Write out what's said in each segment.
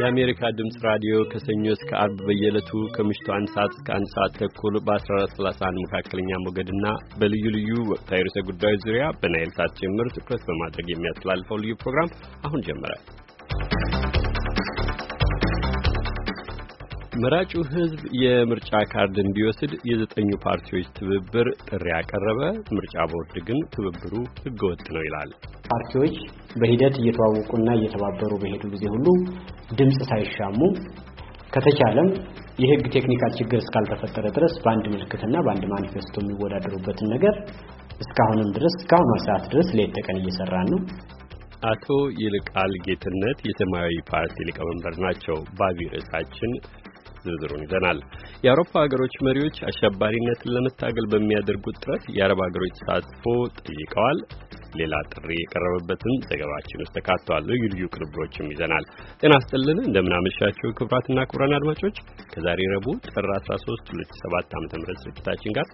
የአሜሪካ ድምፅ ራዲዮ ከሰኞ እስከ አርብ በየዕለቱ ከምሽቱ አንድ ሰዓት እስከ አንድ ሰዓት ተኩል በ1431 መካከለኛ ሞገድና በልዩ ልዩ ወቅታዊ ርዕሰ ጉዳዮች ዙሪያ በናይል ሳት ጭምር ትኩረት በማድረግ የሚያስተላልፈው ልዩ ፕሮግራም አሁን ጀመረ። መራጩ ሕዝብ የምርጫ ካርድ እንዲወስድ የዘጠኙ ፓርቲዎች ትብብር ጥሪ ያቀረበ፣ ምርጫ ቦርድ ግን ትብብሩ ሕገወጥ ነው ይላል። ፓርቲዎች በሂደት እየተዋወቁና እየተባበሩ በሄዱ ጊዜ ሁሉ ድምፅ ሳይሻሙ ከተቻለም የህግ ቴክኒካል ችግር እስካልተፈጠረ ድረስ በአንድ ምልክትና በአንድ ማኒፌስቶ የሚወዳደሩበትን ነገር እስካሁንም ድረስ እስካሁኗ ሰዓት ድረስ ሌት ተቀን እየሰራን ነው። አቶ ይልቃል ጌትነት የሰማያዊ ፓርቲ ሊቀመንበር ናቸው። ባቢ ርዕሳችን ዝርዝሩን ይዘናል። የአውሮፓ ሀገሮች መሪዎች አሸባሪነትን ለመታገል በሚያደርጉት ጥረት የአረብ ሀገሮች ተሳትፎ ጠይቀዋል። ሌላ ጥሪ የቀረበበትም ዘገባችን ውስጥ ተካቷል። ልዩ ልዩ ቅንብሮችም ይዘናል። ጤና ይስጥልን እንደምናመሻችሁ ክቡራትና ክቡራን አድማጮች ከዛሬ ረቡዕ ጥር 13 2007 ም ስርጭታችን ጋር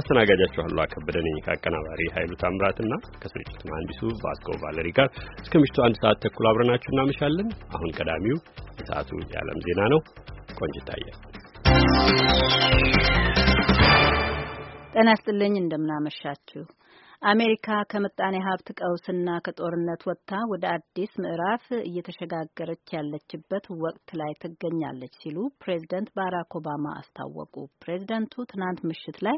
አስተናጋጃችሁ አሉላ ነኝ ከአቀናባሪ ኃይሉ ታምራትና ከስርጭት መሀንዲሱ ቫስኮ ቫለሪ ጋር እስከ ምሽቱ አንድ ሰዓት ተኩል አብረናችሁ እናመሻለን። አሁን ቀዳሚው የሰዓቱ የዓለም ዜና ነው። ቆንጅታየ ጤና ይስጥልኝ እንደምናመሻችሁ አሜሪካ ከምጣኔ ሀብት ቀውስና ከጦርነት ወጥታ ወደ አዲስ ምዕራፍ እየተሸጋገረች ያለችበት ወቅት ላይ ትገኛለች ሲሉ ፕሬዚደንት ባራክ ኦባማ አስታወቁ። ፕሬዚደንቱ ትናንት ምሽት ላይ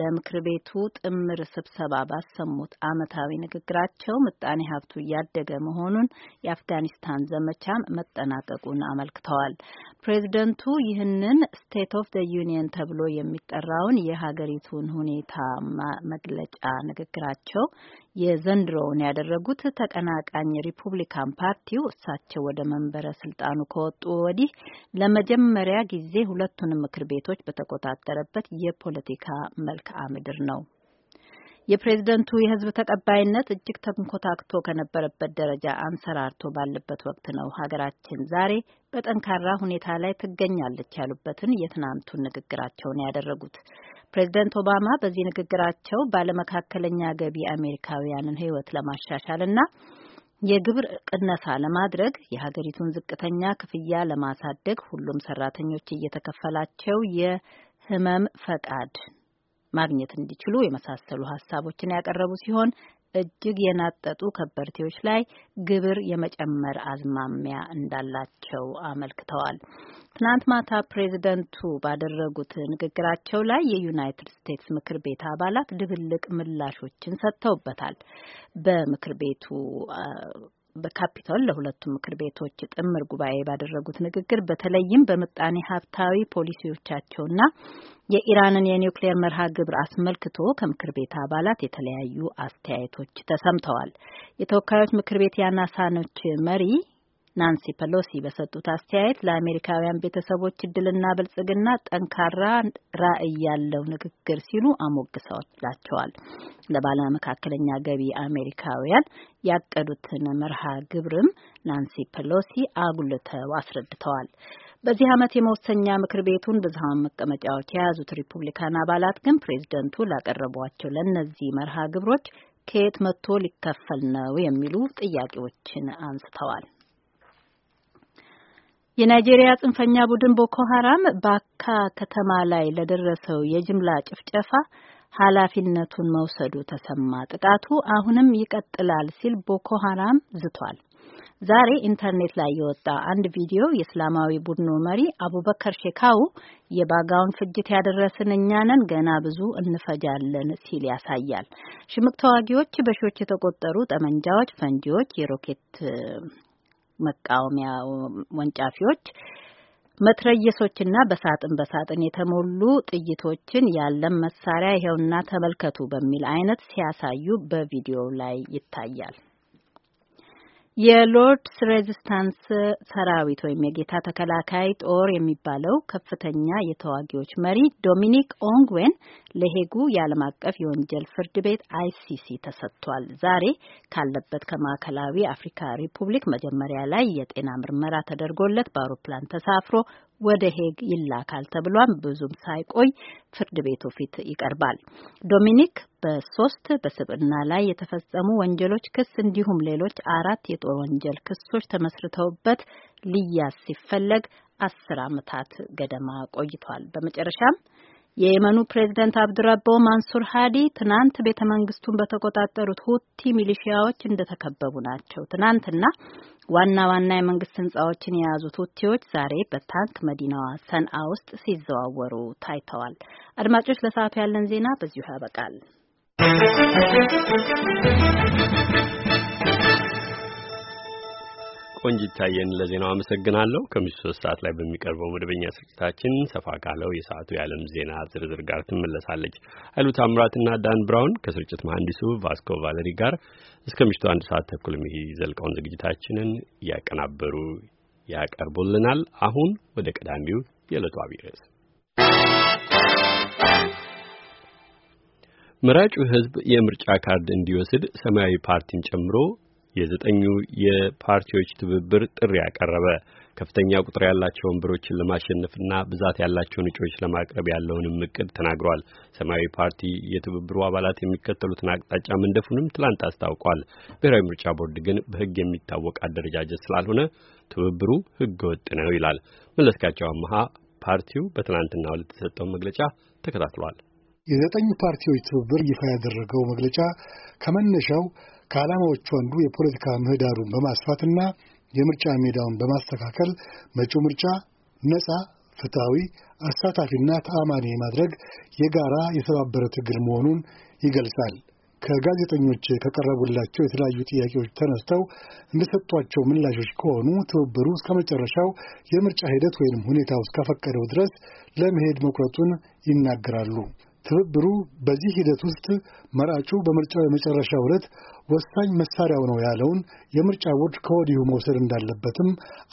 ለምክር ቤቱ ጥምር ስብሰባ ባሰሙት ዓመታዊ ንግግራቸው ምጣኔ ሀብቱ እያደገ መሆኑን የአፍጋኒስታን ዘመቻም መጠናቀቁን አመልክተዋል። ፕሬዚደንቱ ይህንን ስቴት ኦፍ ዩኒየን ተብሎ የሚጠራውን የሀገሪቱን ሁኔታ መግለጫ ንግግር በንግግራቸው የዘንድሮውን ያደረጉት ተቀናቃኝ ሪፑብሊካን ፓርቲው እሳቸው ወደ መንበረ ስልጣኑ ከወጡ ወዲህ ለመጀመሪያ ጊዜ ሁለቱንም ምክር ቤቶች በተቆጣጠረበት የፖለቲካ መልክዓ ምድር ነው። የፕሬዝደንቱ የህዝብ ተቀባይነት እጅግ ተንኮታክቶ ከነበረበት ደረጃ አንሰራርቶ ባለበት ወቅት ነው ሀገራችን ዛሬ በጠንካራ ሁኔታ ላይ ትገኛለች ያሉበትን የትናንቱን ንግግራቸውን ያደረጉት ፕሬዝደንት ኦባማ በዚህ ንግግራቸው ባለመካከለኛ ገቢ አሜሪካውያንን ህይወት ለማሻሻል እና የግብር ቅነሳ ለማድረግ የሀገሪቱን ዝቅተኛ ክፍያ ለማሳደግ ሁሉም ሰራተኞች እየተከፈላቸው የህመም ፈቃድ ማግኘት እንዲችሉ የመሳሰሉ ሀሳቦችን ያቀረቡ ሲሆን እጅግ የናጠጡ ከበርቴዎች ላይ ግብር የመጨመር አዝማሚያ እንዳላቸው አመልክተዋል። ትናንት ማታ ፕሬዚደንቱ ባደረጉት ንግግራቸው ላይ የዩናይትድ ስቴትስ ምክር ቤት አባላት ድብልቅ ምላሾችን ሰጥተውበታል። በምክር ቤቱ በካፒታል ለሁለቱም ምክር ቤቶች ጥምር ጉባኤ ባደረጉት ንግግር በተለይም በምጣኔ ሀብታዊ ፖሊሲዎቻቸውና የኢራንን የኒውክሌር መርሃ ግብር አስመልክቶ ከምክር ቤት አባላት የተለያዩ አስተያየቶች ተሰምተዋል። የተወካዮች ምክር ቤት የአናሳኖች መሪ ናንሲ ፐሎሲ በሰጡት አስተያየት ለአሜሪካውያን ቤተሰቦች እድልና ብልጽግና ጠንካራ ራዕይ ያለው ንግግር ሲሉ አሞግሰውላቸዋል። ለባለመካከለኛ መካከለኛ ገቢ አሜሪካውያን ያቀዱትን መርሃ ግብርም ናንሲ ፐሎሲ አጉልተው አስረድተዋል። በዚህ ዓመት የመወሰኛ ምክር ቤቱን ብዝሃን መቀመጫዎች የያዙት ሪፑብሊካን አባላት ግን ፕሬዝደንቱ ላቀረቧቸው ለእነዚህ መርሃ ግብሮች ከየት መጥቶ ሊከፈል ነው የሚሉ ጥያቄዎችን አንስተዋል። የናይጄሪያ ጽንፈኛ ቡድን ቦኮ ሀራም ባካ ከተማ ላይ ለደረሰው የጅምላ ጭፍጨፋ ኃላፊነቱን መውሰዱ ተሰማ። ጥቃቱ አሁንም ይቀጥላል ሲል ቦኮ ሀራም ዝቷል። ዛሬ ኢንተርኔት ላይ የወጣ አንድ ቪዲዮ የእስላማዊ ቡድኑ መሪ አቡበከር ሼካው የባጋውን ፍጅት ያደረስን እኛ ነን፣ ገና ብዙ እንፈጃለን ሲል ያሳያል። ሽምቅ ተዋጊዎች በሺዎች የተቆጠሩ ጠመንጃዎች፣ ፈንጂዎች፣ የሮኬት መቃወሚያ ወንጫፊዎች መትረየሶችና በሳጥን በሳጥን የተሞሉ ጥይቶችን ያለም መሳሪያ ይኸውና ተመልከቱ በሚል አይነት ሲያሳዩ በቪዲዮው ላይ ይታያል። የሎርድስ ሬዚስታንስ ሰራዊት ወይም የጌታ ተከላካይ ጦር የሚባለው ከፍተኛ የተዋጊዎች መሪ ዶሚኒክ ኦንግዌን ለሄጉ የዓለም አቀፍ የወንጀል ፍርድ ቤት አይሲሲ ተሰጥቷል። ዛሬ ካለበት ከማዕከላዊ አፍሪካ ሪፑብሊክ መጀመሪያ ላይ የጤና ምርመራ ተደርጎለት በአውሮፕላን ተሳፍሮ ወደ ሄግ ይላካል ተብሏል። ብዙም ሳይቆይ ፍርድ ቤቱ ፊት ይቀርባል። ዶሚኒክ በሶስት በስብና ላይ የተፈጸሙ ወንጀሎች ክስ እንዲሁም ሌሎች አራት የጦር ወንጀል ክሶች ተመስርተውበት ሊያዝ ሲፈለግ አስር ዓመታት ገደማ ቆይቷል። በመጨረሻም የየመኑ ፕሬዝደንት አብድረቦ ማንሱር ሀዲ ትናንት ቤተ መንግስቱን በተቆጣጠሩት ሁቲ ሚሊሺያዎች እንደተከበቡ ናቸው። ትናንትና ዋና ዋና የመንግስት ህንጻዎችን የያዙት ሁቲዎች ዛሬ በታንክ መዲናዋ ሰንአ ውስጥ ሲዘዋወሩ ታይተዋል። አድማጮች፣ ለሰዓቱ ያለን ዜና በዚሁ ያበቃል። ቆንጅ ታየን ለዜናው አመሰግናለሁ። ከምሽቱ ሶስት ሰዓት ላይ በሚቀርበው መደበኛ ስርጭታችን ሰፋ ካለው የሰዓቱ የዓለም ዜና ዝርዝር ጋር ትመለሳለች። ኃይሉ ታምራትና ዳን ብራውን ከስርጭት መሐንዲሱ ቫስኮ ቫለሪ ጋር እስከ ምሽቱ አንድ ሰዓት ተኩል የሚዘልቀውን ዝግጅታችንን እያቀናበሩ ያቀርቡልናል። አሁን ወደ ቀዳሚው የዕለቱ አብይ ርዕስ መራጩ ሕዝብ የምርጫ ካርድ እንዲወስድ ሰማያዊ ፓርቲን ጨምሮ የዘጠኙ የፓርቲዎች ትብብር ጥሪ ያቀረበ ከፍተኛ ቁጥር ያላቸው ወንበሮችን ለማሸነፍና ብዛት ያላቸውን እጩዎች ለማቅረብ ያለውንም እቅድ ተናግሯል። ሰማያዊ ፓርቲ የትብብሩ አባላት የሚከተሉትን አቅጣጫ መንደፉንም ትላንት አስታውቋል። ብሔራዊ ምርጫ ቦርድ ግን በሕግ የሚታወቅ አደረጃጀት ስላልሆነ ትብብሩ ሕገ ወጥ ነው ይላል። መለስካቸው አመሃ ፓርቲው በትናንትና ዕለት የተሰጠውን መግለጫ ተከታትሏል። የዘጠኙ ፓርቲዎች ትብብር ይፋ ያደረገው መግለጫ ከመነሻው ከዓላማዎቹ አንዱ የፖለቲካ ምህዳሩን በማስፋትና የምርጫ ሜዳውን በማስተካከል መጪው ምርጫ ነፃ፣ ፍትሐዊ፣ አሳታፊና ተአማኒ ማድረግ የጋራ የተባበረ ትግል መሆኑን ይገልጻል። ከጋዜጠኞች ከቀረቡላቸው የተለያዩ ጥያቄዎች ተነስተው እንደሰጧቸው ምላሾች ከሆኑ ትብብሩ እስከ መጨረሻው የምርጫ ሂደት ወይም ሁኔታው እስከፈቀደው ድረስ ለመሄድ መቁረጡን ይናገራሉ። ትብብሩ በዚህ ሂደት ውስጥ መራጩ በምርጫው የመጨረሻ ዕለት ወሳኝ መሳሪያው ነው ያለውን የምርጫ ቦርድ ከወዲሁ መውሰድ እንዳለበትም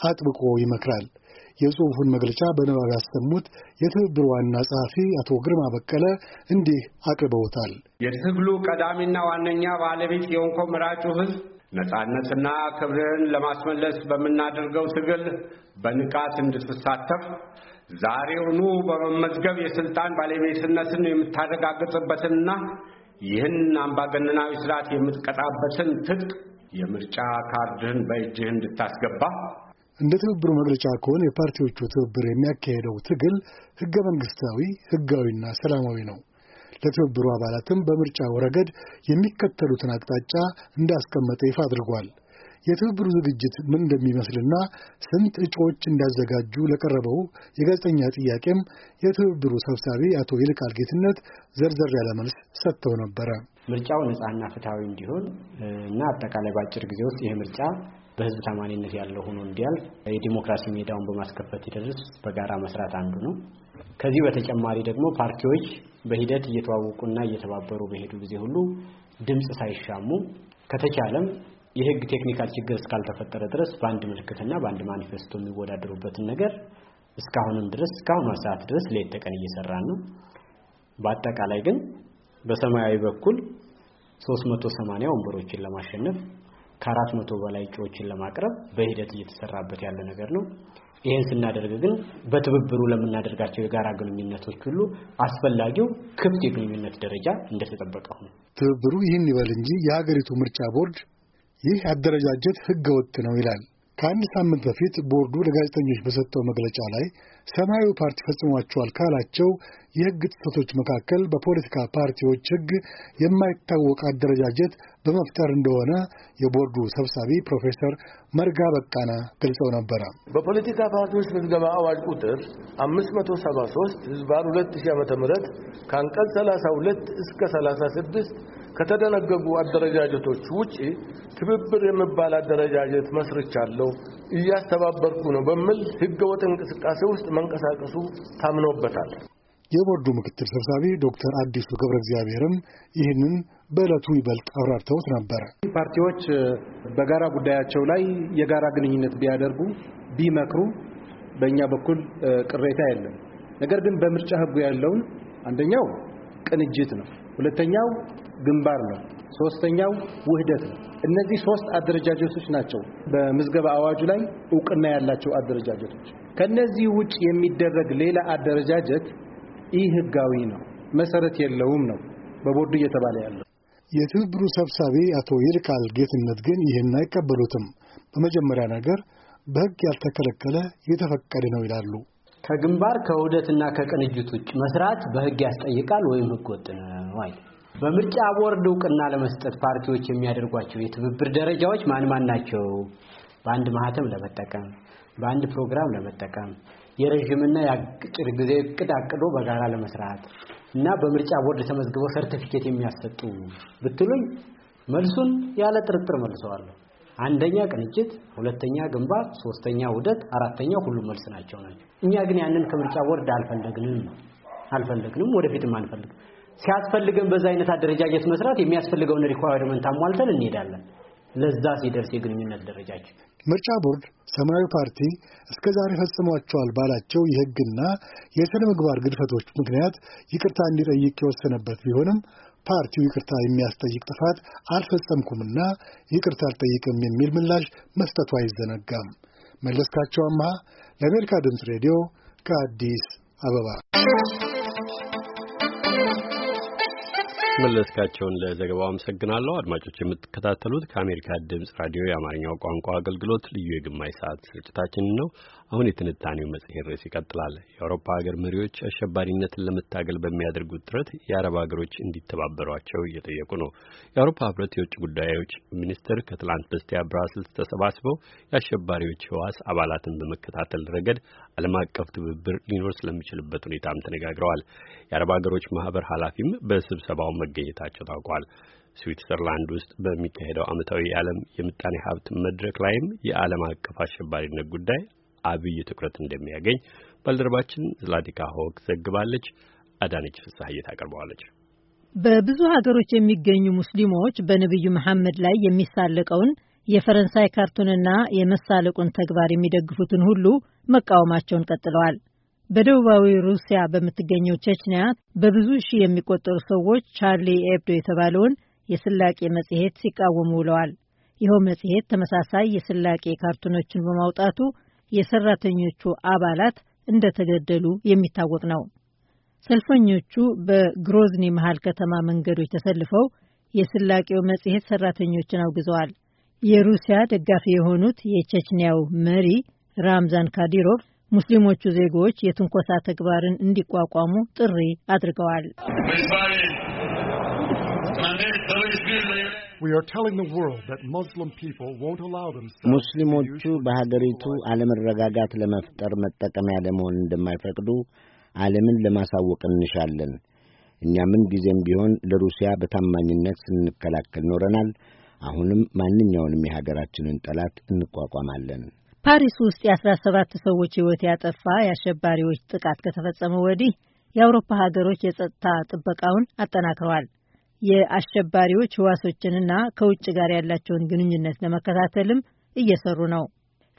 አጥብቆ ይመክራል። የጽሑፉን መግለጫ በንባብ ያሰሙት የትብብሩ ዋና ጸሐፊ አቶ ግርማ በቀለ እንዲህ አቅርበውታል። የትግሉ ቀዳሚና ዋነኛ ባለቤት የሆንኮ መራጩ ህዝብ ነጻነትና ክብርን ለማስመለስ በምናደርገው ትግል በንቃት እንድትሳተፍ ዛሬውኑ በመመዝገብ የስልጣን ባለቤትነትን የምታረጋግጥበትንና ይህን አምባገነናዊ ስርዓት የምትቀጣበትን ትጥቅ የምርጫ ካርድህን በእጅህ እንድታስገባ እንደ ትብብሩ መግለጫ ከሆነ የፓርቲዎቹ ትብብር የሚያካሄደው ትግል ህገ መንግስታዊ፣ ህጋዊና ሰላማዊ ነው። ለትብብሩ አባላትም በምርጫው ረገድ የሚከተሉትን አቅጣጫ እንዳስቀመጠ ይፋ አድርጓል። የትብብሩ ዝግጅት ምን እንደሚመስልና ስንት እጩዎች እንዳዘጋጁ ለቀረበው የጋዜጠኛ ጥያቄም የትብብሩ ሰብሳቢ አቶ ይልቃል ጌትነት ዘርዘር ያለ መልስ ሰጥተው ነበረ። ምርጫው ነፃና ፍትሐዊ እንዲሆን እና አጠቃላይ በአጭር ጊዜ ውስጥ ይህ ምርጫ በህዝብ ታማኒነት ያለው ሆኖ እንዲያልፍ የዲሞክራሲ ሜዳውን በማስከፈት ሂደት በጋራ መስራት አንዱ ነው። ከዚህ በተጨማሪ ደግሞ ፓርቲዎች በሂደት እየተዋወቁና እየተባበሩ በሄዱ ጊዜ ሁሉ ድምፅ ሳይሻሙ ከተቻለም የህግ ቴክኒካል ችግር እስካልተፈጠረ ድረስ በአንድ ምልክትና በአንድ ማኒፌስቶ የሚወዳደሩበትን ነገር እስካሁንም ድረስ እስካሁኗ ሰዓት ድረስ ሌት ተቀን እየሰራን ነው። በአጠቃላይ ግን በሰማያዊ በኩል 380 ወንበሮችን ለማሸነፍ ከአራት መቶ በላይ እጩዎችን ለማቅረብ በሂደት እየተሰራበት ያለ ነገር ነው። ይህን ስናደርግ ግን በትብብሩ ለምናደርጋቸው የጋራ ግንኙነቶች ሁሉ አስፈላጊው ክፍት የግንኙነት ደረጃ እንደተጠበቀው ነው። ትብብሩ ይህን ይበል እንጂ የሀገሪቱ ምርጫ ቦርድ ይህ አደረጃጀት ህገወጥ ነው ይላል። ከአንድ ሳምንት በፊት ቦርዱ ለጋዜጠኞች በሰጠው መግለጫ ላይ ሰማያዊ ፓርቲ ፈጽሟቸዋል ካላቸው የህግ ጥሰቶች መካከል በፖለቲካ ፓርቲዎች ህግ የማይታወቅ አደረጃጀት በመፍጠር እንደሆነ የቦርዱ ሰብሳቢ ፕሮፌሰር መርጋ በቃና ገልጸው ነበረ። በፖለቲካ ፓርቲዎች ምዝገባ አዋጅ ቁጥር 573 ህዝባን 2000 ዓ ም ከአንቀጽ 32 እስከ 36 ከተደነገጉ አደረጃጀቶች ውጪ ትብብር የሚባል አደረጃጀት መስርቻለሁ እያስተባበርኩ ነው በሚል ህገወጥ እንቅስቃሴ ውስጥ መንቀሳቀሱ ታምኖበታል። የቦርዱ ምክትል ሰብሳቢ ዶክተር አዲሱ ገብረ እግዚአብሔርም ይህንን በዕለቱ ይበልጥ አብራርተውት ነበር። ፓርቲዎች በጋራ ጉዳያቸው ላይ የጋራ ግንኙነት ቢያደርጉ ቢመክሩ፣ በእኛ በኩል ቅሬታ የለም። ነገር ግን በምርጫ ሕጉ ያለውን አንደኛው ቅንጅት ነው፣ ሁለተኛው ግንባር ነው፣ ሶስተኛው ውህደት ነው። እነዚህ ሶስት አደረጃጀቶች ናቸው በምዝገባ አዋጁ ላይ እውቅና ያላቸው አደረጃጀቶች። ከነዚህ ውጭ የሚደረግ ሌላ አደረጃጀት ይህ ህጋዊ ነው፣ መሰረት የለውም ነው በቦርዱ እየተባለ ያለው። የትብብሩ ሰብሳቢ አቶ ይልቃል ጌትነት ግን ይህን አይቀበሉትም። በመጀመሪያ ነገር በህግ ያልተከለከለ የተፈቀደ ነው ይላሉ። ከግንባር ከውህደትና ከቅንጅት ውጭ መስራት በህግ ያስጠይቃል ወይም ህግ ወጥ ነው። በምርጫ ቦርድ እውቅና ለመስጠት ፓርቲዎች የሚያደርጓቸው የትብብር ደረጃዎች ማን ማን ናቸው? በአንድ ማህተም ለመጠቀም በአንድ ፕሮግራም ለመጠቀም የረዥምና የአጭር ጊዜ እቅድ አቅዶ በጋራ ለመስራት እና በምርጫ ቦርድ ተመዝግበው ሰርቲፊኬት የሚያሰጡ ብትሉኝ መልሱን ያለ ጥርጥር መልሰዋለሁ። አንደኛ ቅንጅት፣ ሁለተኛ ግንባር፣ ሶስተኛ ውህደት፣ አራተኛ ሁሉም መልስ ናቸው ናቸው። እኛ ግን ያንን ከምርጫ ቦርድ አልፈለግንም አልፈለግንም፣ ወደፊትም አንፈልግም። ሲያስፈልገን በዛ አይነት አደረጃጀት መስራት የሚያስፈልገውን ሪኳየርመንት አሟልተን እንሄዳለን። ለዛ ሲደርስ የግንኙነት ደረጃችን ምርጫ ቦርድ ሰማያዊ ፓርቲ እስከ ዛሬ ፈጽሟቸዋል ባላቸው የሕግና የሥነ ምግባር ግድፈቶች ምክንያት ይቅርታ እንዲጠይቅ የወሰነበት ቢሆንም ፓርቲው ይቅርታ የሚያስጠይቅ ጥፋት አልፈጸምኩምና ይቅርታ አልጠይቅም የሚል ምላሽ መስጠቱ አይዘነጋም። መለስካቸው አምሃ ለአሜሪካ ድምፅ ሬዲዮ ከአዲስ አበባ መለስካቸውን ለዘገባው አመሰግናለሁ። አድማጮች የምትከታተሉት ከአሜሪካ ድምፅ ራዲዮ የአማርኛው ቋንቋ አገልግሎት ልዩ የግማሽ ሰዓት ስርጭታችን ነው። አሁን የትንታኔው መጽሔት ርዕስ ይቀጥላል። የአውሮፓ ሀገር መሪዎች አሸባሪነትን ለመታገል በሚያደርጉት ጥረት የአረብ ሀገሮች እንዲተባበሯቸው እየጠየቁ ነው። የአውሮፓ ህብረት የውጭ ጉዳዮች ሚኒስትር ከትላንት በስቲያ ብራስልስ ተሰባስበው የአሸባሪዎች ህዋስ አባላትን በመከታተል ረገድ ዓለም አቀፍ ትብብር ሊኖር ስለሚችልበት ሁኔታም ተነጋግረዋል። የአረብ ሀገሮች ማህበር ኃላፊም በስብሰባው መገኘታቸው ታውቋል። ስዊትዘርላንድ ውስጥ በሚካሄደው ዓመታዊ የዓለም የምጣኔ ሀብት መድረክ ላይም የዓለም አቀፍ አሸባሪነት ጉዳይ አብይ ትኩረት እንደሚያገኝ ባልደረባችን ዝላቲካ ሆክ ዘግባለች። አዳነች ፍስሐዬ ታቀርበዋለች። በብዙ ሀገሮች የሚገኙ ሙስሊሞች በነቢዩ መሐመድ ላይ የሚሳለቀውን የፈረንሳይ ካርቱንና የመሳለቁን ተግባር የሚደግፉትን ሁሉ መቃወማቸውን ቀጥለዋል። በደቡባዊ ሩሲያ በምትገኘው ቼችንያ በብዙ ሺህ የሚቆጠሩ ሰዎች ቻርሊ ኤብዶ የተባለውን የስላቄ መጽሔት ሲቃወሙ ውለዋል። ይኸው መጽሔት ተመሳሳይ የስላቄ ካርቱኖችን በማውጣቱ የሰራተኞቹ አባላት እንደተገደሉ የሚታወቅ ነው። ሰልፈኞቹ በግሮዝኒ መሃል ከተማ መንገዶች ተሰልፈው የስላቄው መጽሔት ሰራተኞችን አውግዘዋል። የሩሲያ ደጋፊ የሆኑት የቼችኒያው መሪ ራምዛን ካዲሮቭ ሙስሊሞቹ ዜጎች የትንኮሳ ተግባርን እንዲቋቋሙ ጥሪ አድርገዋል። ሙስሊሞቹ በሀገሪቱ አለመረጋጋት ለመፍጠር መጠቀሚያ ለመሆን እንደማይፈቅዱ ዓለምን ለማሳወቅ እንሻለን። እኛ ምን ጊዜም ቢሆን ለሩሲያ በታማኝነት ስንከላከል ኖረናል። አሁንም ማንኛውንም የሀገራችንን ጠላት እንቋቋማለን። ፓሪስ ውስጥ የአስራ ሰባት ሰዎች ሕይወት ያጠፋ የአሸባሪዎች ጥቃት ከተፈጸመ ወዲህ የአውሮፓ ሀገሮች የጸጥታ ጥበቃውን አጠናክረዋል። የአሸባሪዎች ህዋሶችንና ከውጭ ጋር ያላቸውን ግንኙነት ለመከታተልም እየሰሩ ነው።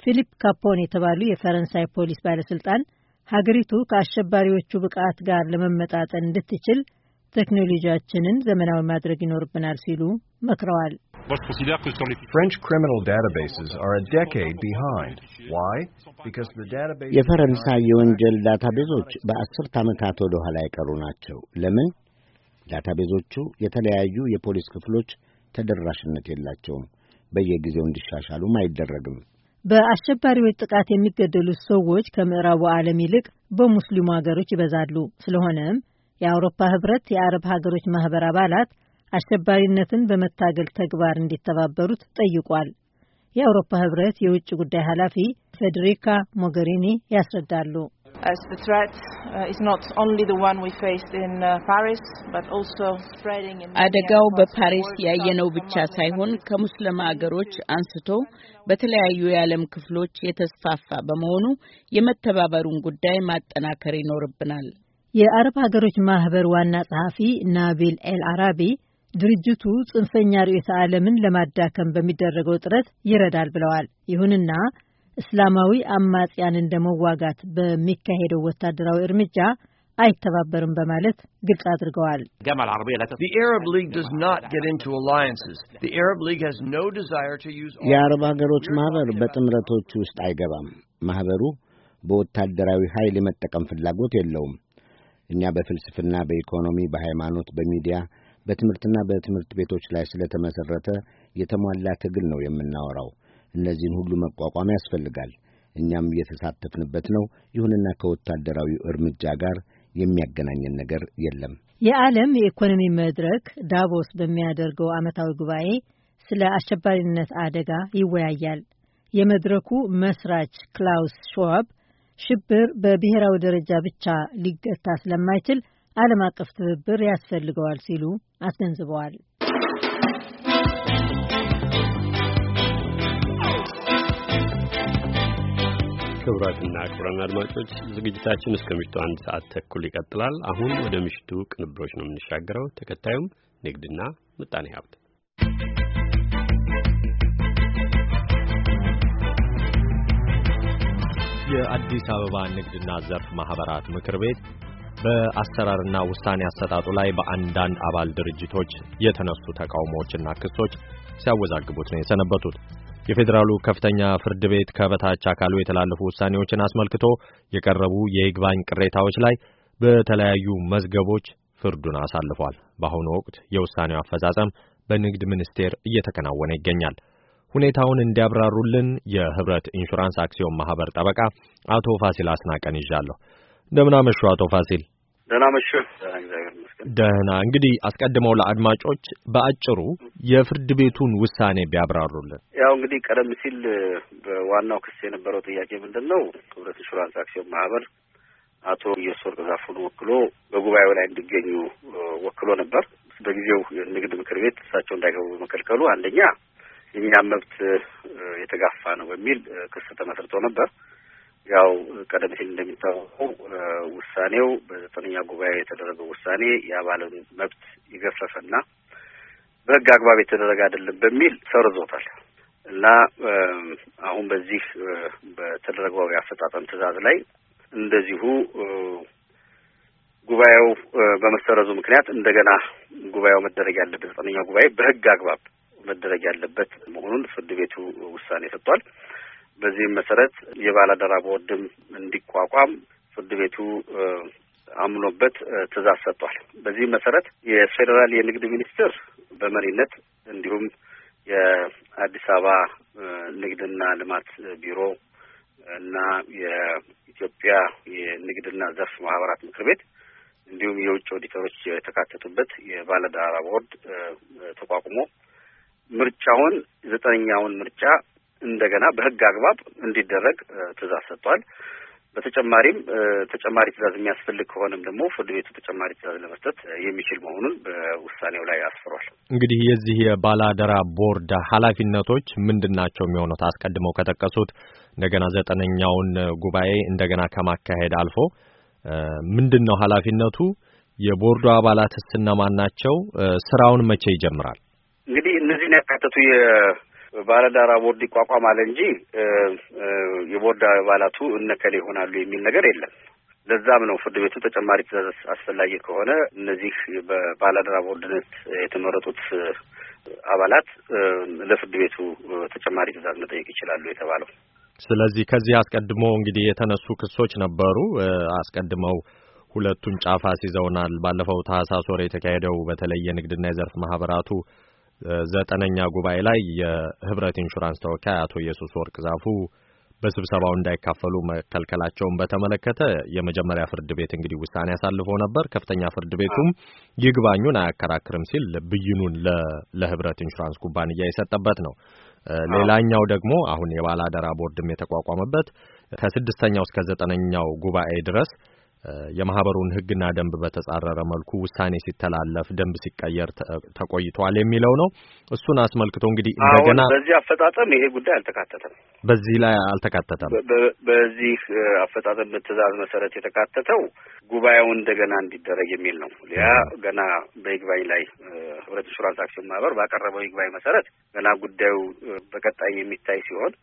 ፊሊፕ ካፖን የተባሉ የፈረንሳይ ፖሊስ ባለስልጣን ሀገሪቱ ከአሸባሪዎቹ ብቃት ጋር ለመመጣጠን እንድትችል ቴክኖሎጂያችንን ዘመናዊ ማድረግ ይኖርብናል ሲሉ መክረዋል። የፈረንሳይ የወንጀል ዳታቤዞች በአስርት ዓመታት ወደ ኋላ የቀሩ ናቸው። ለምን? ዳታቤዞቹ የተለያዩ የፖሊስ ክፍሎች ተደራሽነት የላቸውም። በየጊዜው እንዲሻሻሉም አይደረግም። በአሸባሪዎች ጥቃት የሚገደሉት ሰዎች ከምዕራቡ ዓለም ይልቅ በሙስሊሙ አገሮች ይበዛሉ። ስለሆነም የአውሮፓ ህብረት የአረብ ሀገሮች ማህበር አባላት አሸባሪነትን በመታገል ተግባር እንዲተባበሩት ጠይቋል። የአውሮፓ ህብረት የውጭ ጉዳይ ኃላፊ ፌዴሪካ ሞገሪኒ ያስረዳሉ። uh, uh, አደጋው በፓሪስ ያየነው ብቻ ሳይሆን ከሙስሊም አገሮች አንስቶ በተለያዩ የዓለም ክፍሎች የተስፋፋ በመሆኑ የመተባበሩን ጉዳይ ማጠናከር ይኖርብናል። የአረብ ሀገሮች ማህበር ዋና ጸሐፊ ናቢል ኤል አራቢ ድርጅቱ ጽንፈኛ ርዕዮተ ዓለምን ለማዳከም በሚደረገው ጥረት ይረዳል ብለዋል። ይሁንና እስላማዊ አማጽያንን ለመዋጋት በሚካሄደው ወታደራዊ እርምጃ አይተባበርም በማለት ግልጽ አድርገዋል። የአረብ ሀገሮች ማህበር በጥምረቶች ውስጥ አይገባም። ማህበሩ በወታደራዊ ኃይል የመጠቀም ፍላጎት የለውም። እኛ በፍልስፍና፣ በኢኮኖሚ፣ በሃይማኖት፣ በሚዲያ፣ በትምህርትና በትምህርት ቤቶች ላይ ስለተመሰረተ የተሟላ ትግል ነው የምናወራው። እነዚህን ሁሉ መቋቋም ያስፈልጋል። እኛም እየተሳተፍንበት ነው። ይሁንና ከወታደራዊ እርምጃ ጋር የሚያገናኘን ነገር የለም። የዓለም የኢኮኖሚ መድረክ ዳቮስ በሚያደርገው ዓመታዊ ጉባኤ ስለ አሸባሪነት አደጋ ይወያያል። የመድረኩ መስራች ክላውስ ሾዋብ ሽብር በብሔራዊ ደረጃ ብቻ ሊገታ ስለማይችል ዓለም አቀፍ ትብብር ያስፈልገዋል ሲሉ አስገንዝበዋል። ክቡራትና ክቡራን አድማጮች ዝግጅታችን እስከ ምሽቱ አንድ ሰዓት ተኩል ይቀጥላል። አሁን ወደ ምሽቱ ቅንብሮች ነው የምንሻገረው። ተከታዩም ንግድና ምጣኔ ሀብት የአዲስ አበባ ንግድና ዘርፍ ማህበራት ምክር ቤት በአሰራርና ውሳኔ አሰጣጡ ላይ በአንዳንድ አባል ድርጅቶች የተነሱ ተቃውሞዎችና ክሶች ሲያወዛግቡት ነው የሰነበቱት። የፌዴራሉ ከፍተኛ ፍርድ ቤት ከበታች አካሉ የተላለፉ ውሳኔዎችን አስመልክቶ የቀረቡ የይግባኝ ቅሬታዎች ላይ በተለያዩ መዝገቦች ፍርዱን አሳልፏል። በአሁኑ ወቅት የውሳኔው አፈጻጸም በንግድ ሚኒስቴር እየተከናወነ ይገኛል። ሁኔታውን እንዲያብራሩልን የህብረት ኢንሹራንስ አክሲዮን ማህበር ጠበቃ አቶ ፋሲል አስናቀን ይዣለሁ። እንደምን አመሹ አቶ ፋሲል? ደህና መሹ። ደህና። እንግዲህ አስቀድመው ለአድማጮች በአጭሩ የፍርድ ቤቱን ውሳኔ ቢያብራሩልን። ያው እንግዲህ ቀደም ሲል በዋናው ክስ የነበረው ጥያቄ ምንድን ነው? ህብረት ኢንሹራንስ አክሲዮን ማህበር አቶ ኢየሱስ ተዛፉን ወክሎ በጉባኤው ላይ እንዲገኙ ወክሎ ነበር። በጊዜው የንግድ ምክር ቤት እሳቸው እንዳይገቡ በመከልከሉ አንደኛ የእኛም መብት የተጋፋ ነው በሚል ክስ ተመስርቶ ነበር። ያው ቀደም ሲል እንደሚታወቀው ውሳኔው በዘጠነኛ ጉባኤ የተደረገው ውሳኔ የአባልን መብት የገፈፈና በህግ አግባብ የተደረገ አይደለም በሚል ሰርዞታል እና አሁን በዚህ በተደረገው የአፈጻጸም ትዕዛዝ ላይ እንደዚሁ ጉባኤው በመሰረዙ ምክንያት እንደገና ጉባኤው መደረግ ያለበት ዘጠነኛው ጉባኤ በህግ አግባብ መደረግ ያለበት መሆኑን ፍርድ ቤቱ ውሳኔ ሰጥቷል። በዚህም መሰረት የባለአደራ ቦርድም እንዲቋቋም ፍርድ ቤቱ አምኖበት ትዕዛዝ ሰጥቷል። በዚህም መሰረት የፌዴራል የንግድ ሚኒስቴር በመሪነት እንዲሁም የአዲስ አበባ ንግድና ልማት ቢሮ እና የኢትዮጵያ የንግድና ዘርፍ ማህበራት ምክር ቤት እንዲሁም የውጭ ኦዲተሮች የተካተቱበት የባለዳራ ቦርድ ተቋቁሞ ምርጫውን ዘጠነኛውን ምርጫ እንደገና በህግ አግባብ እንዲደረግ ትእዛዝ ሰጥቷል። በተጨማሪም ተጨማሪ ትእዛዝ የሚያስፈልግ ከሆነም ደግሞ ፍርድ ቤቱ ተጨማሪ ትእዛዝ ለመስጠት የሚችል መሆኑን በውሳኔው ላይ አስፍሯል። እንግዲህ የዚህ የባላደራ ቦርድ ኃላፊነቶች ምንድን ናቸው የሚሆኑት? አስቀድመው ከጠቀሱት እንደገና ዘጠነኛውን ጉባኤ እንደገና ከማካሄድ አልፎ ምንድን ነው ኃላፊነቱ? የቦርዱ አባላትስ እነማን ናቸው? ስራውን መቼ ይጀምራል? እንግዲህ እነዚህን ያካተቱ የባለዳራ ቦርድ ይቋቋማል እንጂ የቦርድ አባላቱ እነከሌ ይሆናሉ የሚል ነገር የለም። ለዛም ነው ፍርድ ቤቱ ተጨማሪ ትዛዝ አስፈላጊ ከሆነ እነዚህ በባለአደራ ቦርድነት የተመረጡት አባላት ለፍርድ ቤቱ ተጨማሪ ትዛዝ መጠየቅ ይችላሉ የተባለው። ስለዚህ ከዚህ አስቀድሞ እንግዲህ የተነሱ ክሶች ነበሩ። አስቀድመው ሁለቱን ጫፍ አስይዘውናል። ባለፈው ታህሳስ ወር የተካሄደው በተለይ የንግድና የዘርፍ ማህበራቱ ዘጠነኛ ጉባኤ ላይ የህብረት ኢንሹራንስ ተወካይ አቶ ኢየሱስ ወርቅ ዛፉ በስብሰባው እንዳይካፈሉ መከልከላቸውን በተመለከተ የመጀመሪያ ፍርድ ቤት እንግዲህ ውሳኔ አሳልፎ ነበር። ከፍተኛ ፍርድ ቤቱም ይግባኙን አያከራክርም ሲል ብይኑን ለህብረት ኢንሹራንስ ኩባንያ የሰጠበት ነው። ሌላኛው ደግሞ አሁን የባለአደራ ቦርድም የተቋቋመበት ከስድስተኛው እስከ ዘጠነኛው ጉባኤ ድረስ የማህበሩን ህግና ደንብ በተጻረረ መልኩ ውሳኔ ሲተላለፍ ደንብ ሲቀየር ተቆይቷል የሚለው ነው። እሱን አስመልክቶ እንግዲህ እንደገና በዚህ አፈጣጠም ይሄ ጉዳይ አልተካተተም፣ በዚህ ላይ አልተካተተም። በዚህ አፈጣጠም ትዕዛዝ መሰረት የተካተተው ጉባኤው እንደገና እንዲደረግ የሚል ነው። ያ ገና በይግባኝ ላይ ህብረት ኢንሹራንስ አክሲዮን ማህበር ባቀረበው ይግባኝ መሰረት ገና ጉዳዩ በቀጣይ የሚታይ ሲሆን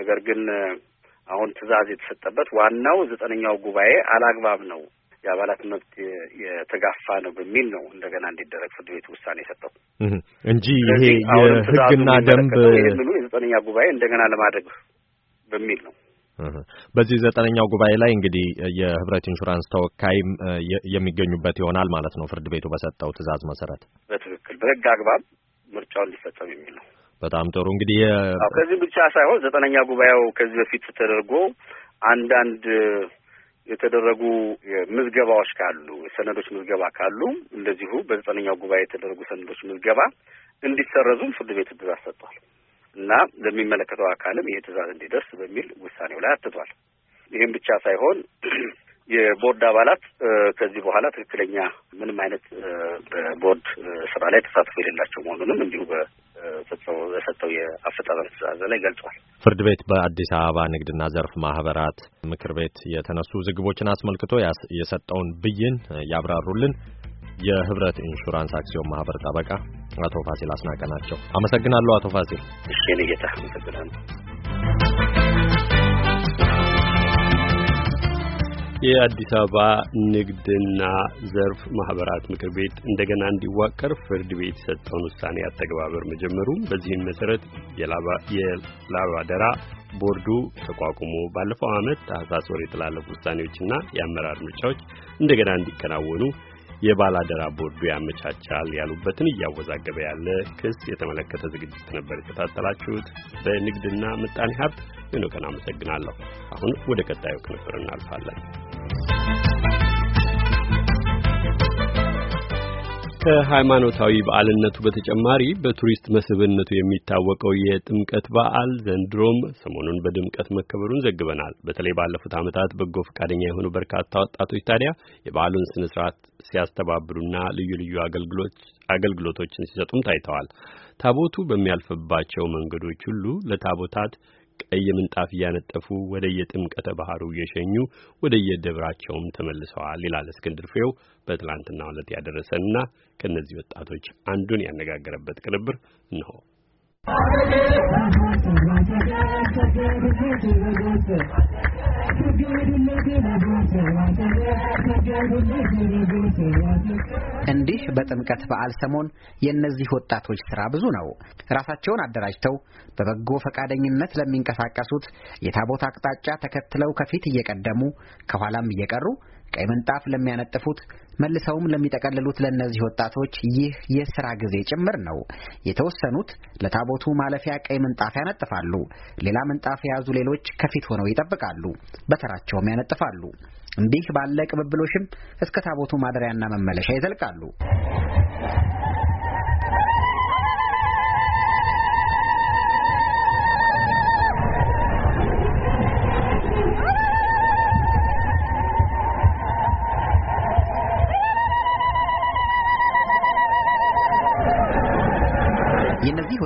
ነገር ግን አሁን ትዕዛዝ የተሰጠበት ዋናው ዘጠነኛው ጉባኤ አላግባብ ነው፣ የአባላት መብት የተጋፋ ነው በሚል ነው እንደገና እንዲደረግ ፍርድ ቤት ውሳኔ የሰጠው እንጂ ይሄ የህግና ደንብ ይህንኑ የዘጠነኛ ጉባኤ እንደገና ለማድረግ በሚል ነው። በዚህ ዘጠነኛው ጉባኤ ላይ እንግዲህ የህብረት ኢንሹራንስ ተወካይ የሚገኙበት ይሆናል ማለት ነው። ፍርድ ቤቱ በሰጠው ትዕዛዝ መሰረት በትክክል በህግ አግባብ ምርጫው እንዲፈጸም የሚል ነው። በጣም ጥሩ እንግዲህ ከዚህ ብቻ ሳይሆን ዘጠነኛ ጉባኤው ከዚህ በፊት ተደርጎ አንዳንድ የተደረጉ ምዝገባዎች ካሉ የሰነዶች ምዝገባ ካሉ እንደዚሁ በዘጠነኛው ጉባኤ የተደረጉ ሰነዶች ምዝገባ እንዲሰረዙም ፍርድ ቤት ትእዛዝ ሰጥቷል እና ለሚመለከተው አካልም ይሄ ትእዛዝ እንዲደርስ በሚል ውሳኔው ላይ አትቷል። ይህም ብቻ ሳይሆን የቦርድ አባላት ከዚህ በኋላ ትክክለኛ ምንም አይነት በቦርድ ስራ ላይ ተሳትፎ የሌላቸው መሆኑንም እንዲሁ ፈጽሞ በሰጠው የአፈጣጠር ትዕዛዝ ላይ ገልጿል። ፍርድ ቤት በአዲስ አበባ ንግድና ዘርፍ ማህበራት ምክር ቤት የተነሱ ዝግቦችን አስመልክቶ የሰጠውን ብይን ያብራሩልን የህብረት ኢንሹራንስ አክሲዮን ማህበር ጠበቃ አቶ ፋሲል አስናቀ ናቸው። አመሰግናለሁ አቶ ፋሲል። እሺ ልጌታ አመሰግናለሁ። የአዲስ አበባ ንግድና ዘርፍ ማህበራት ምክር ቤት እንደገና እንዲዋቀር ፍርድ ቤት የሰጠውን ውሳኔ አተገባበር መጀመሩ፣ በዚህም መሰረት የላባደራ ቦርዱ ተቋቁሞ ባለፈው ዓመት ታህሳስ ወር የተላለፉ ውሳኔዎችና የአመራር ምርጫዎች እንደገና እንዲከናወኑ የባላደራ ቦርዱ ያመቻቻል ያሉበትን እያወዛገበ ያለ ክስ የተመለከተ ዝግጅት ነበር የተከታተላችሁት። በንግድና ምጣኔ ሀብት የሆነ አመሰግናለሁ። አሁን ወደ ቀጣዩ ቅንብር እናልፋለን። ከሃይማኖታዊ በዓልነቱ በተጨማሪ በቱሪስት መስህብነቱ የሚታወቀው የጥምቀት በዓል ዘንድሮም ሰሞኑን በድምቀት መከበሩን ዘግበናል። በተለይ ባለፉት ዓመታት በጎ ፈቃደኛ የሆኑ በርካታ ወጣቶች ታዲያ የበዓሉን ስነ ስርዓት ሲያስተባብሩና ልዩ ልዩ አገልግሎቶችን ሲሰጡም ታይተዋል። ታቦቱ በሚያልፍባቸው መንገዶች ሁሉ ለታቦታት ቀይ ምንጣፍ እያነጠፉ ወደ የጥምቀተ ባህሩ እየሸኙ ወደ የደብራቸውም ተመልሰዋል ይላል እስክንድር ፍሬው በትላንትና ዕለት ያደረሰንና ከእነዚህ ወጣቶች አንዱን ያነጋገረበት ቅንብር እንሆ። እንዲህ በጥምቀት በዓል ሰሞን የእነዚህ ወጣቶች ሥራ ብዙ ነው። ራሳቸውን አደራጅተው በበጎ ፈቃደኝነት ለሚንቀሳቀሱት የታቦት አቅጣጫ ተከትለው ከፊት እየቀደሙ ከኋላም እየቀሩ ቀይ ምንጣፍ ለሚያነጥፉት መልሰውም ለሚጠቀልሉት ለእነዚህ ወጣቶች ይህ የስራ ጊዜ ጭምር ነው። የተወሰኑት ለታቦቱ ማለፊያ ቀይ ምንጣፍ ያነጥፋሉ። ሌላ ምንጣፍ የያዙ ሌሎች ከፊት ሆነው ይጠብቃሉ፣ በተራቸውም ያነጥፋሉ። እንዲህ ባለ ቅብብሎሽም እስከ ታቦቱ ማደሪያና መመለሻ ይዘልቃሉ።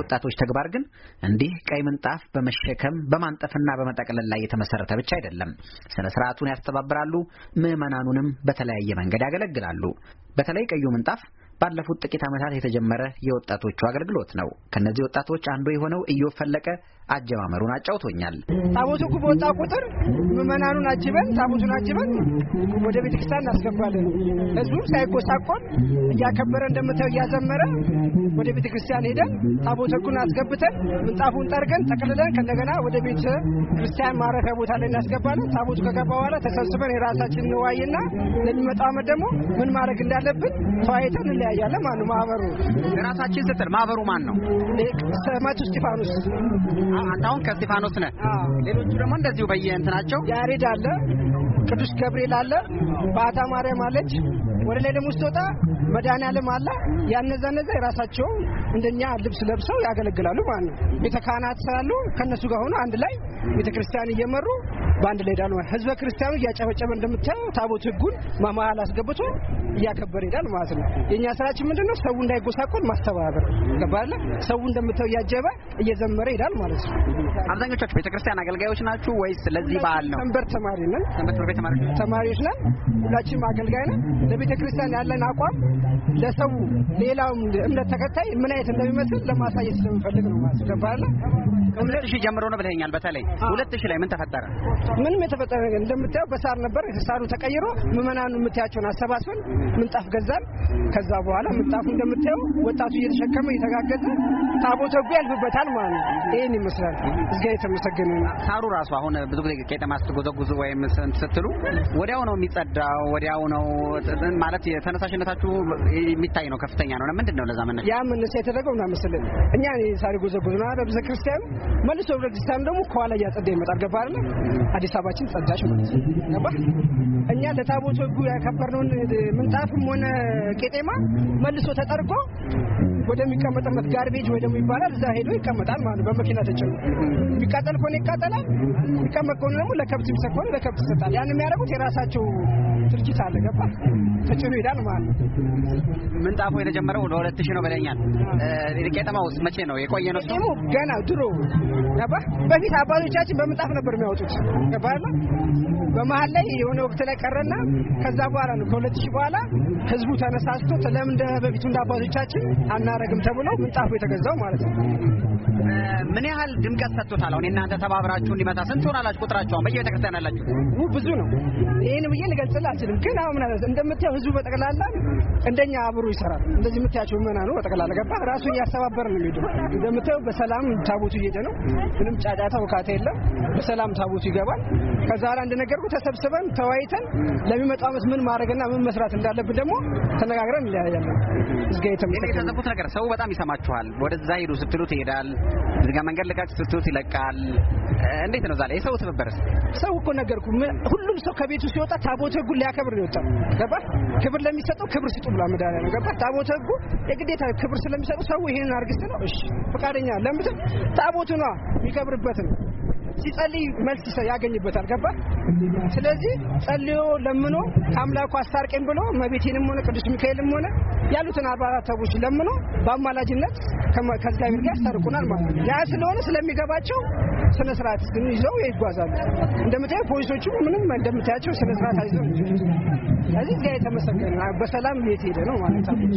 ወጣቶች ተግባር ግን እንዲህ ቀይ ምንጣፍ በመሸከም በማንጠፍና በመጠቅለል ላይ የተመሰረተ ብቻ አይደለም። ስነ ስርዓቱን ያስተባብራሉ፣ ምዕመናኑንም በተለያየ መንገድ ያገለግላሉ። በተለይ ቀዩ ምንጣፍ ባለፉት ጥቂት ዓመታት የተጀመረ የወጣቶቹ አገልግሎት ነው። ከእነዚህ ወጣቶች አንዱ የሆነው ኢዮብ ፈለቀ አጀማመሩን አጫውቶኛል። ታቦቱ በወጣ ቁጥር ምዕመናኑን አጅበን ታቦቱን አጅበን ወደ ቤተ ክርስቲያን እናስገባለን። ህዝቡም ሳይጎሳቆል እያከበረ እንደምታየው እያዘመረ ወደ ቤተ ክርስቲያን ሄደን ታቦተ ሕጉን አስገብተን ምንጣፉን ጠርገን ተቅልለን ከእንደገና ወደ ቤተ ክርስቲያን ማረፊያ ቦታ ላይ እናስገባለን። ታቦቱ ከገባ በኋላ ተሰብስበን የራሳችን እንዋይና ለሚመጣው ዓመት ደግሞ ምን ማድረግ እንዳለብን ተዋይተን እንለያ ያለ ማን ነው ማህበሩ? የራሳችን ስትል ማህበሩ ማን ነው? ሰማቱ እስጢፋኖስ። አንተ አሁን ከእስጢፋኖስ ነህ። ሌሎቹ ደግሞ እንደዚሁ በየእንትናቸው ያሬድ አለ፣ ቅዱስ ገብርኤል አለ፣ ባታ ማርያም አለች። ወደ ላይ ደግሞ ስትወጣ መድኃኔዓለም አለ። ያነዛ ነዛ የራሳቸው እንደኛ ልብስ ለብሰው ያገለግላሉ ማለት ነው። ቤተ ካህናት ስላሉ ከእነሱ ጋር ሆኖ አንድ ላይ ቤተክርስቲያን እየመሩ በአንድ ላይ ዳኑ ህዝበ ክርስቲያኑ እያጨበጨበ እንደምታየው ታቦት ህጉን መሀል አስገብቶ እያከበረ ሄዳል ማለት ነው። የእኛ ስራችን ምንድን ነው? ሰው እንዳይጎሳቆል ማስተባበር ገባለ። ሰው እንደምታየው እያጀበ እየዘመረ ሄዳል ማለት ነው። አብዛኞቻችሁ ቤተክርስቲያን አገልጋዮች ናችሁ ወይስ ለዚህ በዓል ነው? ሰንበት ተማሪ ነን፣ ተማሪዎች ነን፣ ሁላችንም አገልጋይ ነን። ክርስቲያን ያለን አቋም ለሰው ሌላውም እምነት ተከታይ ምን አይነት እንደሚመስል ለማሳየት ስለምፈልግ ነው ማለት ገባለ ሁለት ሺህ ጀምሮ ነው ብለኛል። በተለይ ሁለት ሺህ ላይ ምን ተፈጠረ? ምንም የተፈጠረ እንደምታየው በሳር ነበር። ሳሩ ተቀይሮ ምዕመናኑ የምታያቸውን አሰባስበን ምንጣፍ ገዛን። ከዛ በኋላ ምንጣፉ እንደምታየው ወጣቱ እየተሸከመ እየተጋገዘ ታቦተ ሕጉ ያልፍበታል ማለት ነው። ይህን ይመስላል። እዚጋ የተመሰገነ ሳሩ ራሱ አሁን ብዙ ጊዜ ቄጠማ ስትጎዘጉዙ ወይም ስትሉ ወዲያው ነው የሚጸዳው፣ ወዲያው ነው ማለት የተነሳሽነታችሁ የሚታይ ነው፣ ከፍተኛ ነው። ምንድን ነው ለዛ መነሻ ያ መነሻ የተደረገው እና መሰለኝ እኛ ሳልጎዘጉዝ ነው ቤተ ክርስቲያኑ መልሶ ወደ ቤተክርስቲያኑ ደግሞ ከኋላ እያጸዳ ይመጣል። ገባ አለ አዲስ አበባችን ጸዳሽ ማለት ገባ። እኛ ለታቦተ ሕጉ ያከበርነውን ምንጣፍም ሆነ ቄጤማ መልሶ ተጠርጎ ወደሚቀመጥበት ጋርቤጅ ወይ ደግሞ ይባላል። እዛ ሄዶ ይቀመጣል ማለት በመኪና ተጭኖ የሚቃጠል ከሆነ ይቃጠላል፣ የሚቀመጥ ከሆነ ደግሞ ለከብት የሚሰጥ ከሆነ ለከብት ይሰጣል። ያን የሚያደርጉት የራሳቸው ድርጅት አለ ገባ ተጭኖ ይሄዳል ማለት ነው። ምንጣፉ የተጀመረው ለሁለት ሺህ ነው ብለኛል። ውስጥ መቼ ነው የቆየ ነው? እሱ ገና ድሮ ገባ። በፊት አባቶቻችን በምንጣፍ ነበር የሚያወጡት ገባ። በመሀል ላይ የሆነ ወቅት ላይ ቀረና ከዛ በኋላ ነው ከሁለት ሺህ በኋላ ህዝቡ ተነሳስቶ ለምን እንደ በፊቱ እንደ አባቶቻችን አናረግም ተብሎ ምንጣፉ የተገዛው ማለት ነው። ምን ያህል ድምቀት ሰጥቶታል? አሁን እናንተ ተባብራችሁ እንዲመጣ ስንት ሆናላችሁ? ቁጥራችሁ በየቤተክርስቲያን አላችሁ? ብዙ ነው። ይህን ብዬ ልገልጽልህ አልችልም። ግን አሁን ምን አለ እንደምታየው ህዝቡ በጠቅላላ እንደኛ አብሮ ይሰራል። እንደዚህ የምታያቸው መና ነው በጠቅላላ ገባ ራሱን እያስተባበረ ነው የሚሄደው። እንደምታየው በሰላም ታቦቱ እየሄደ ነው። ምንም ጫጫታ ውካታ የለም። በሰላም ታቦቱ ይገባል። ከዛ ኋላ እንደነገርኩ ተሰብስበን ተወያይተን ለሚመጣው ዓመት ምን ማድረግና ምን መስራት እንዳለብን ደግሞ ተነጋግረን እንለያያለን። የተዘጉት ነገር ሰው በጣም ይሰማችኋል። ወደዛ ሂዱ ስትሉት ይሄዳል። እዚህ ጋር መንገድ ልቃችሁ ስትሉት ይለቃል። እንዴት ነው ዛሬ የሰው ትብብርስ? ሰው እኮ ነገርኩ። ሁሉም ሰው ከቤቱ ሲወጣ ታቦት ጉል ሊያከብር ነው የወጣው። ገባህ? ክብር ለሚሰጠው ክብር ስጡ ብላ መድኃኒዓለም ገባህ? ታቦተ ሕጉ የግዴታ ክብር ስለሚሰጠው ሰው ይሄንን አርግስት ነው እሺ፣ ፈቃደኛ ለምትል ታቦቱ ነው ነው ሲጸልይ መልስ ያገኝበታል። ገባ ስለዚህ ጸልዮ ለምኖ ከአምላኩ አስታርቀኝ ብሎ መቤቴንም ሆነ ቅዱስ ሚካኤልም ሆነ ያሉትን አርባ ለምኖ በአማላጅነት ከእግዚአብሔር ጋር ያስታርቁናል ማለት ነው። ያ ስለሆነ ስለሚገባቸው ስነ ስርዓት ግን ይዘው ይጓዛሉ። እንደምታየው ፖሊሶቹ ምንም እንደምታያቸው ስነ ስርዓት አይዘው እዚህ ጋር የተመሰገነ በሰላም እየተሄደ ነው ማለት ነው።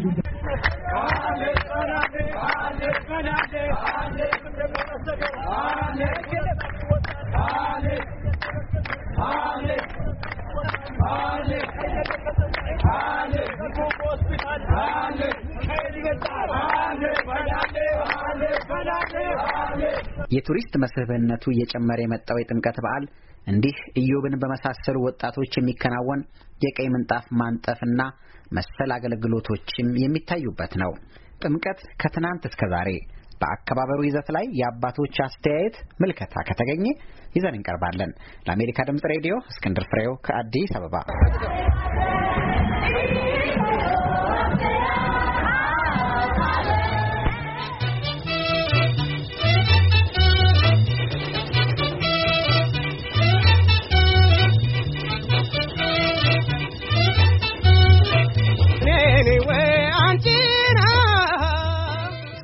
የቱሪስት መስህብነቱ እየጨመረ የመጣው የጥምቀት በዓል እንዲህ ኢዮብን በመሳሰሉ ወጣቶች የሚከናወን የቀይ ምንጣፍ ማንጠፍና መሰል አገልግሎቶችም የሚታዩበት ነው። ጥምቀት ከትናንት እስከ ዛሬ በአከባበሩ ይዘት ላይ የአባቶች አስተያየት ምልከታ ከተገኘ ይዘን እንቀርባለን። ለአሜሪካ ድምፅ ሬዲዮ እስክንድር ፍሬው ከአዲስ አበባ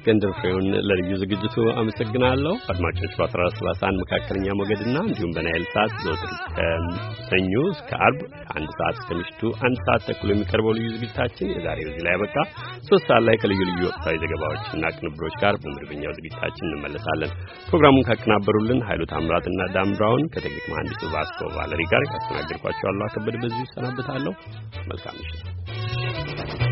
እስክንድር ፍሬውን ለልዩ ዝግጅቱ አመሰግናለሁ። አድማጮች በ1431 መካከለኛ ሞገድና እንዲሁም በናይል ሰዓት ዘወትር ሰኞ እስከ አርብ ከአንድ ሰዓት እስከ ምሽቱ አንድ ሰዓት ተኩል የሚቀርበው ልዩ ዝግጅታችን የዛሬው እዚህ ላይ ያበቃ። ሶስት ሰዓት ላይ ከልዩ ልዩ ወቅታዊ ዘገባዎችና ቅንብሮች ጋር በመደበኛው ዝግጅታችን እንመለሳለን። ፕሮግራሙን ካቀናበሩልን ኃይሉ ታምራትና ብራውን ከቴክኒክ መሐንዲሱ ቫስኮ ቫለሪ ጋር ያስተናገድኳቸዋለሁ። አከበደ በዚሁ ይሰናበታለሁ። መልካም ምሽት።